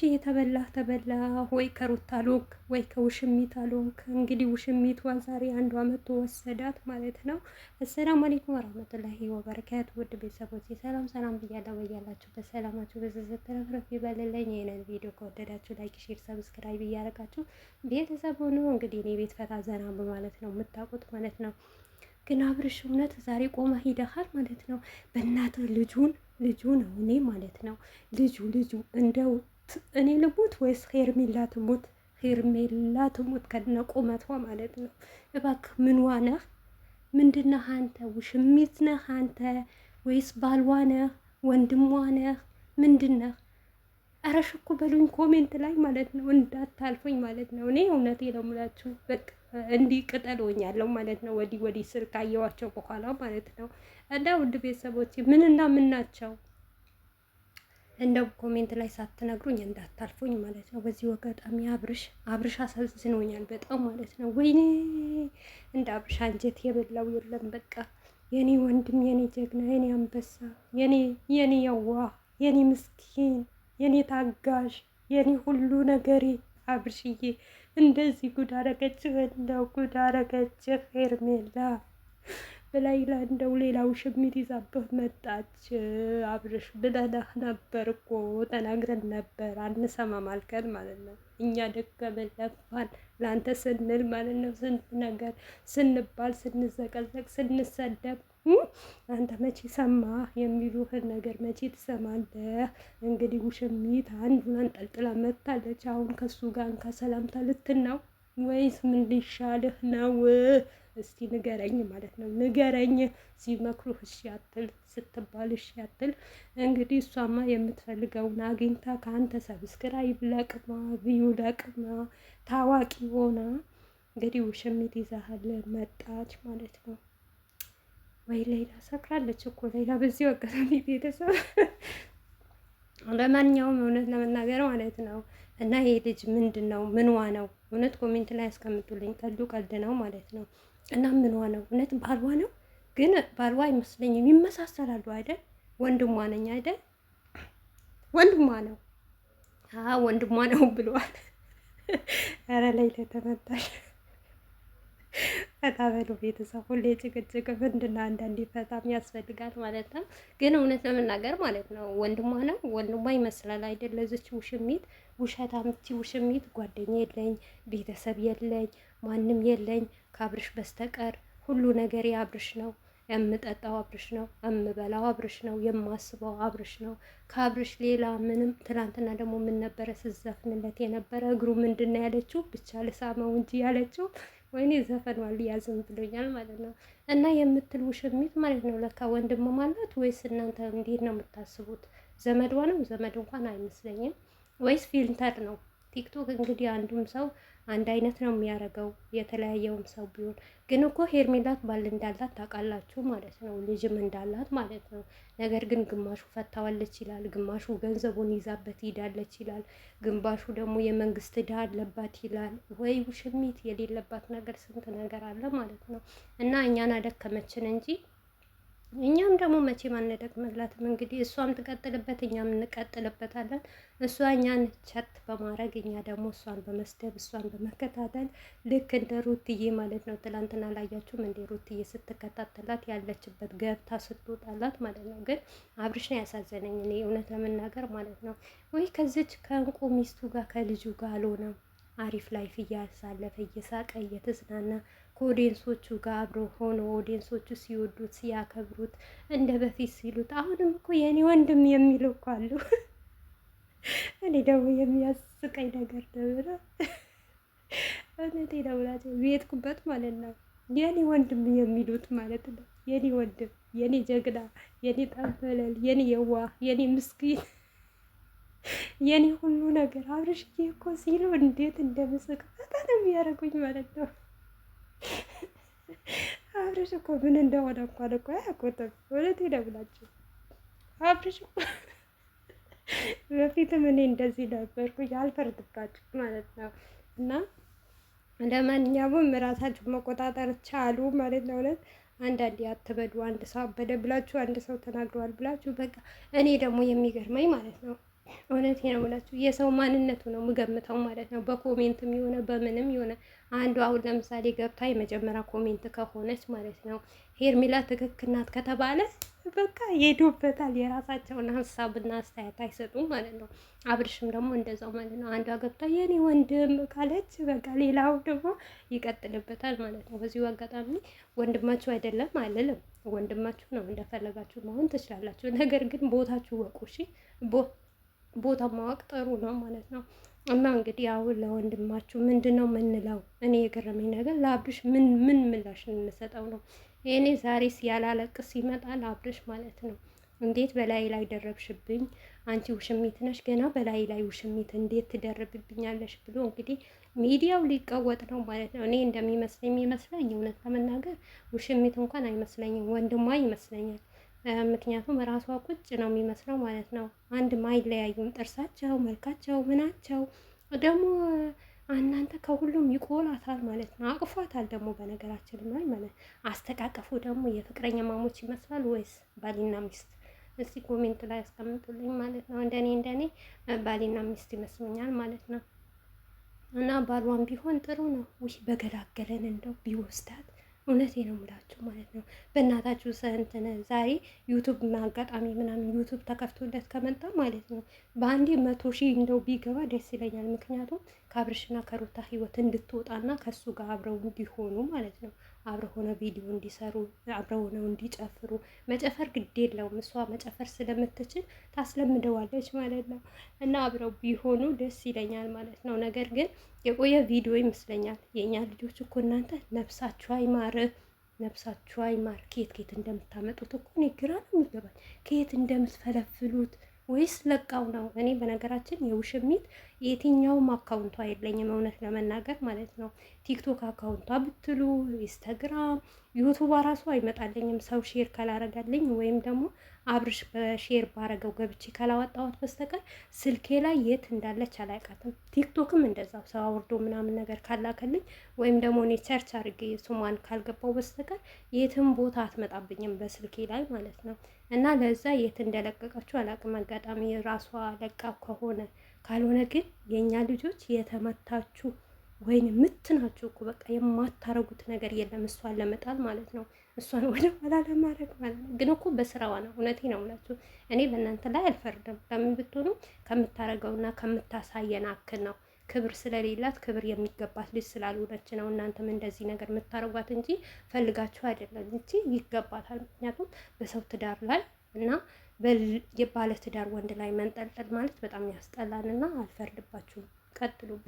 እሺ ተበላህ ተበላ ወይ ከሩታ ሎክ ወይ ከውሽሚት አሎክ። እንግዲህ ውሽሚቷን ዛሬ አንዷ መቶ ወሰዳት ማለት ነው። አሰላሙ አለይኩም ወራህመቱላሂ ወበረካቱ። ውድ ቤተሰቦች ሰላም ሰላም ብያለሁ። በያላችሁ በሰላማችሁ በዝዝት ተረፍረፍ ይበልልኝ። ይሄንን ቪዲዮ ከወደዳችሁ ላይክ፣ ሼር፣ ሰብስክራይብ እያደረጋችሁ ቤተሰብ ሆኖ እንግዲህ እኔ ቤት ፈታ ዘና በማለት ነው የምታውቁት ማለት ነው። ግን አብርሽ እውነት ዛሬ ቆማ ሂደሃል ማለት ነው። በእናትህ ልጁን ልጁ ነው እኔ ማለት ነው ልጁ ልጁ እንደው እኔ ልሙት ወይስ ሄርሜላ ትሙት? ሄርሜላ ትሙት ከነ ቁመቷ ማለት ነው። እባክህ ምንዋ ነህ? ምንድነህ አንተ? ውሽሚት ነህ አንተ ወይስ ባልዋ ነህ? ወንድሟ ነህ? ምንድን ኧረ ሽኩ በሉኝ ኮሜንት ላይ ማለት ነው፣ እንዳታልፎኝ ማለት ነው። እኔ እውነቴ ነው የምላችሁ በቃ እንዲህ ቅጠል ሆኛለሁ ማለት ነው። ወዲህ ወዲህ ስል ካየዋቸው በኋላ ማለት ነው። እና ውድ ቤተሰቦች ምንና ምን ናቸው? እንደው ኮሜንት ላይ ሳትነግሩኝ እንዳታልፉኝ ማለት ነው። በዚህ አጋጣሚ አብርሽ አብርሽ አሳዝኖኛል በጣም ማለት ነው። ወይኔ እንደ አብርሽ አንጀት የበላው የለም። በቃ የኔ ወንድም፣ የኔ ጀግና፣ የኔ አንበሳ፣ የኔ የኔ የዋ፣ የኔ ምስኪን፣ የኔ ታጋሽ፣ የኔ ሁሉ ነገሬ አብርሽዬ እንደዚህ ጉድ አረገችህ፣ እንደው ጉድ አረገችህ ሄርሜላ በላይ ላይ እንደው ሌላ ውሽሚት ይዛብህ መጣች አብርሽ ብለህ ነበር እኮ ተናግረን ነበር፣ አንሰማ ማልከን ማለት ነው። እኛ ደከመን ለፋን ለአንተ ስንል ማለት ነው። ስንት ነገር ስንባል፣ ስንዘቀዘቅ፣ ስንሰደብ አንተ መቼ ሰማ የሚሉህን ነገር መቼ ትሰማለህ? እንግዲህ ውሽሚት አንዱን አንጠልጥላ መታለች። አሁን ከሱ ጋር ከሰላምታ ልትናው ወይስ ምን ሊሻልህ ነው? እስቲ ንገረኝ ማለት ነው። ንገረኝ ሲመክሩ እሺ አትል፣ ስትባል እሺ አትል። እንግዲህ እሷማ የምትፈልገውን አግኝታ ከአንተ ሰብስክራይብ ለቅማ ቪዩ ለቅማ ታዋቂ ሆና እንግዲህ ውሽሚት ይዛሃል መጣች ማለት ነው። ወይ ሌላ ሰክራለች እኮ ሌላ በዚህ አጋጣሚ ቤተሰብ ለማንኛውም እውነት ለመናገር ማለት ነው። እና ይሄ ልጅ ምንድን ነው? ምንዋ ነው? እውነት ኮሜንት ላይ ያስቀምጡልኝ። ቀልዱ ቀልድ ነው ማለት ነው። እና ምኗ ነው እውነት ባልዋ ነው? ግን ባልዋ አይመስለኝም። ይመሳሰላሉ አይደል? ወንድሟ ነኝ አይደል? ወንድሟ ነው ወንድሟ ነው ብለዋል። ኧረ ላይ ተመታሽ ፈታ በሉ ቤተሰብ። ሁሌ ጭቅጭቅ ምንድን ነው? አንዳንዴ ፈታም ያስፈልጋል ማለት ነው። ግን እውነት ለመናገር ማለት ነው ወንድሟ ነው ወንድሟ ይመስላል አይደል? ለዚች ውሽሚት ውሸታምቺ ውሽሚት ጓደኛ የለኝ፣ ቤተሰብ የለኝ፣ ማንም የለኝ ከአብርሽ በስተቀር ሁሉ ነገር የአብርሽ ነው። የምጠጣው አብርሽ ነው፣ የምበላው አብርሽ ነው፣ የማስበው አብርሽ ነው። ከአብርሽ ሌላ ምንም። ትናንትና ደግሞ ምን ነበረ ስዘፍንለት የነበረ እግሩ ምንድን ነው ያለችው? ብቻ ልሳመው እንጂ ያለችው ወይኔ ዘፈን ዋል ያዘን ብሎኛል ማለት ነው። እና የምትል ውሽሚት ማለት ነው። ለካ ወንድም ማለት ወይስ እናንተ እንዴት ነው የምታስቡት? ዘመድዋ ነው? ዘመድ እንኳን አይመስለኝም። ወይስ ፊልተር ነው? ቲክቶክ እንግዲህ አንዱም ሰው አንድ አይነት ነው የሚያደርገው፣ የተለያየውም ሰው ቢሆን ግን እኮ ሄርሜላት ባል እንዳላት ታውቃላችሁ ማለት ነው፣ ልጅም እንዳላት ማለት ነው። ነገር ግን ግማሹ ፈታዋለች ይላል፣ ግማሹ ገንዘቡን ይዛበት ሂዳለች ይላል፣ ግንባሹ ደግሞ የመንግስት ዕዳ አለባት ይላል። ወይ ውሽሚት የሌለባት ነገር ስንት ነገር አለ ማለት ነው። እና እኛን አደከመችን እንጂ እኛም ደግሞ መቼም አንደቅምላትም። እንግዲህ እሷም ትቀጥልበት፣ እኛም እንቀጥልበታለን። እሷ እኛን ቸት በማድረግ እኛ ደግሞ እሷን በመስደብ እሷን በመከታተል ልክ እንደ ሩትዬ ማለት ነው። ትላንትና ላያችሁም እንደ ሩትዬ ስትከታተላት ያለችበት ገብታ ስትወጣላት ማለት ነው። ግን አብርሽ ነው ያሳዘነኝ እኔ እውነት ለመናገር ማለት ነው። ወይ ከዚች ከእንቁ ሚስቱ ጋር ከልጁ ጋር አልሆነም። አሪፍ ላይፍ እያሳለፈ እየሳቀ እየተዝናና ከኦዲየንሶቹ ጋር አብሮ ሆኖ ኦዲየንሶቹ ሲወዱት ሲያከብሩት እንደ በፊት ሲሉት አሁንም እኮ የእኔ ወንድም የሚሉ እኮ አሉ። እኔ ደግሞ የሚያስቀኝ ነገር ደብረ እውነቴ ደውላቸው ቤትኩበት ማለት ነው። የኔ ወንድም የሚሉት ማለት ነው። የኔ ወንድም፣ የኔ ጀግና፣ የኔ ጠበለል፣ የኔ የዋህ፣ የኔ ምስኪን፣ የኔ ሁሉ ነገር አብርሽዬ እኮ ሲሉ እንዴት እንደምስቅ በጣም የሚያደርጉኝ ማለት ነው። አብርሽ እኮ ምን እንደሆነ እንኳን እኮ እውነቴን ነው የምላችሁ አብርሽ እኮ በፊትም እኔ እንደዚህ ነበርኩ፣ ማለት ነው። እና ለማንኛውም ራሳችሁ መቆጣጠር ቻሉ ማለት ነው። እውነት አትበዱ። አንድ ሰው አበደ ብላችሁ አንድ ሰው ተናግረዋል ብላችሁ በቃ እኔ ደግሞ የሚገርመኝ ማለት ነው እውነት ነው የምላችሁ የሰው ማንነቱ ነው የምገምተው ማለት ነው። በኮሜንትም የሆነ በምንም የሆነ አንዱ አሁን ለምሳሌ ገብታ የመጀመሪያ ኮሜንት ከሆነች ማለት ነው ሄርሜላ ትክክል ናት ከተባለ በቃ ይሄዱበታል። የራሳቸውን ሀሳብና አስተያየት አይሰጡም ማለት ነው። አብርሽም ደግሞ እንደዛው ማለት ነው። አንዷ ገብታ የኔ ወንድም ካለች በቃ ሌላው ደግሞ ይቀጥልበታል ማለት ነው። በዚሁ አጋጣሚ ወንድማችሁ አይደለም አልልም፣ ወንድማችሁ ነው፣ እንደፈለጋችሁ መሆን ትችላላችሁ። ነገር ግን ቦታችሁ ወቁ እሺ። ቦታ ማወቅ ጥሩ ነው ማለት ነው። እና እንግዲህ አሁን ለወንድማችሁ ምንድን ነው ምንለው? እኔ የገረመኝ ነገር ለአብርሽ ምን ምን ምላሽ እንሰጠው ነው? እኔ ዛሬ ያላለቅስ ይመጣ አብርሽ ማለት ነው። እንዴት በላይ ላይ ደረብሽብኝ? አንቺ ውሽሚት ነሽ፣ ገና በላይ ላይ ውሽሚት እንዴት ትደረብብኛለሽ? ብሎ እንግዲህ ሚዲያው ሊቀወጥ ነው ማለት ነው። እኔ እንደሚመስለኝ የሚመስለኝ እውነት ለመናገር ውሽሚት እንኳን አይመስለኝም፣ ወንድሟ ይመስለኛል። ምክንያቱም ራሷ ቁጭ ነው የሚመስለው ማለት ነው። አንድ ማይለያዩም ጥርሳቸው፣ መልካቸው፣ ምናቸው ደግሞ እናንተ ከሁሉም ይቆላታል ማለት ነው። አቅፏታል ደግሞ በነገራችን ላይ ማለት አስተቃቀፉ ደግሞ የፍቅረኛ ማሞች ይመስላል ወይስ ባሊና ሚስት? እስቲ ኮሜንት ላይ አስቀምጡልኝ ማለት ነው። እንደኔ እንደኔ ባሊና ሚስት ይመስለኛል ማለት ነው። እና ባሏን ቢሆን ጥሩ ነው። ውይ በገላገለን እንደው ቢወስዳት እውነቴ ነው የምላችሁ ማለት ነው። በእናታችሁ ሰንትነ ዛሬ ዩቱብ አጋጣሚ ምናምን ዩቱብ ተከፍቶለት ከመጣ ማለት ነው በአንዴ መቶ ሺህ እንደው ቢገባ ደስ ይለኛል። ምክንያቱም ከአብርሽና ከሩታ ህይወት እንድትወጣና ከሱ ጋር አብረው እንዲሆኑ ማለት ነው። አብረው ሆነው ቪዲዮ እንዲሰሩ አብረው ሆነው እንዲጨፍሩ። መጨፈር ግድ የለውም እሷ መጨፈር ስለምትችል ታስለምደዋለች ማለት ነው። እና አብረው ቢሆኑ ደስ ይለኛል ማለት ነው። ነገር ግን የቆየ ቪዲዮ ይመስለኛል። የእኛ ልጆች እኮ እናንተ ነፍሳችሁ አይማር ነፍሳችሁ አይማር። ኬት ኬት እንደምታመጡት እኮ እኔ ግራ ነው የሚገባኝ። ከየት እንደምትፈለፍሉት ወይስ ለቃው ነው? እኔ በነገራችን የውሽሚት የትኛውም አካውንቷ የለኝም እውነት ለመናገር ማለት ነው። ቲክቶክ አካውንቷ ብትሉ፣ ኢንስታግራም፣ ዩቱብ ራሱ አይመጣልኝም ሰው ሼር ካላረጋልኝ ወይም ደግሞ አብርሽ በሼር ባረገው ገብቼ ካላወጣሁት በስተቀር ስልኬ ላይ የት እንዳለች አላውቃትም። ቲክቶክም እንደዛው ሰው አውርዶ ምናምን ነገር ካላከልኝ ወይም ደግሞ እኔ ሰርች አድርጌ ስሟን ካልገባው በስተቀር የትም ቦታ አትመጣብኝም በስልኬ ላይ ማለት ነው። እና ለዛ የት እንደለቀቀችው አላውቅም። አጋጣሚ ራሷ ለቃ ከሆነ ካልሆነ ግን የእኛ ልጆች የተመታችሁ ወይን ምትናችሁ እኮ በቃ የማታረጉት ነገር የለም እሷን ለመጣል ማለት ነው። እሷን ወደ ኋላ ለማድረግ ማለት ነው። ግን እኮ በስራዋ ነው። እውነቴ ነው እምላችሁ እኔ በእናንተ ላይ አልፈርድም። ለምን ብትሆኑ ከምታረገውና ከምታሳየን አክል ነው። ክብር ስለሌላት ክብር የሚገባት ልጅ ስላልሆነች ነው እናንተም እንደዚህ ነገር የምታደርጓት እንጂ ፈልጋችሁ አይደለም እንጂ ይገባታል። ምክንያቱም በሰው ትዳር ላይ እና የባለ ትዳር ወንድ ላይ መንጠልጠል ማለት በጣም ያስጠላንና አልፈርድባችሁም። ቀጥሉ።